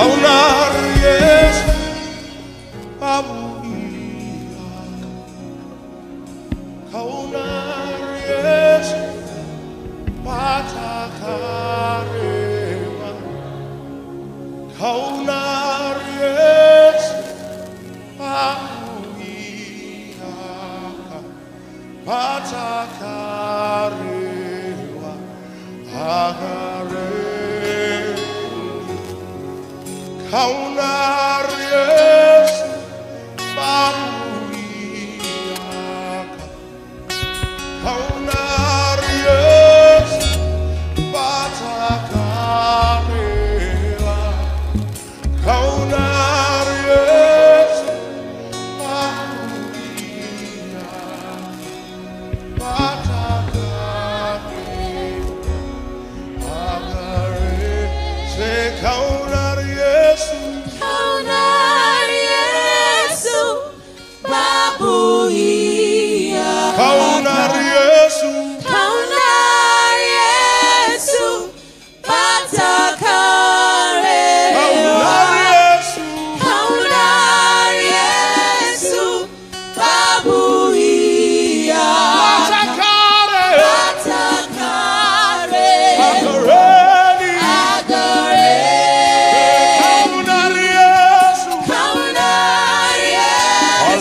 αουνάριες αυγεία αουνάριες παταχαρέμα αουνάριες αυγεία παταχαρέμα αγάπη a un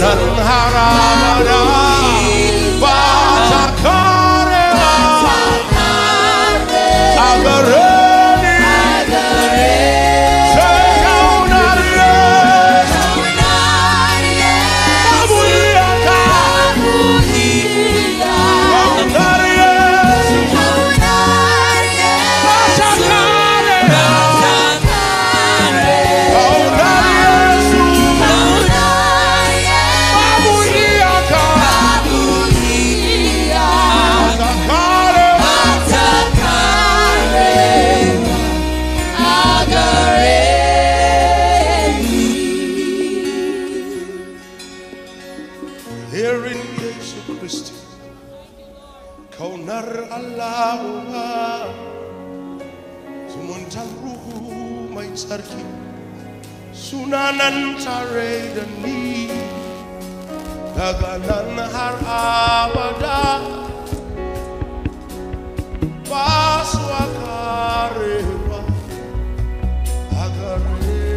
Hallelujah. Kau Allah uba zumuntar ruhu mai tsarki sunanan tare da ni daga nan har abada ba karewa a gare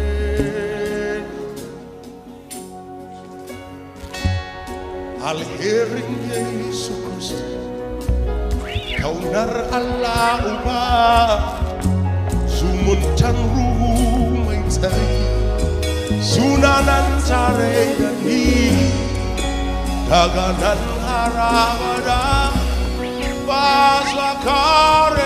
alherin yesu kristi Kaunar Allah Uba zumuntan ruhu mai tsari sunanan tare da ni daga kare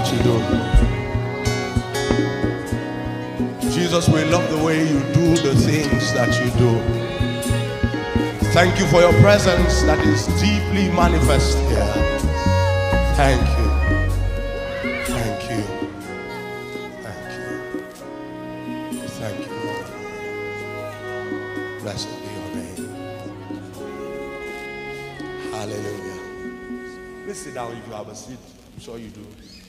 gratidão. Jesus, we love the way you do the things that you do. Thank you for your presence that is deeply manifest here. Thank you. Thank you. Thank you. Thank you, Lord. Blessed be your name. Hallelujah. Please sit down if you have a seat. I'm sure you do.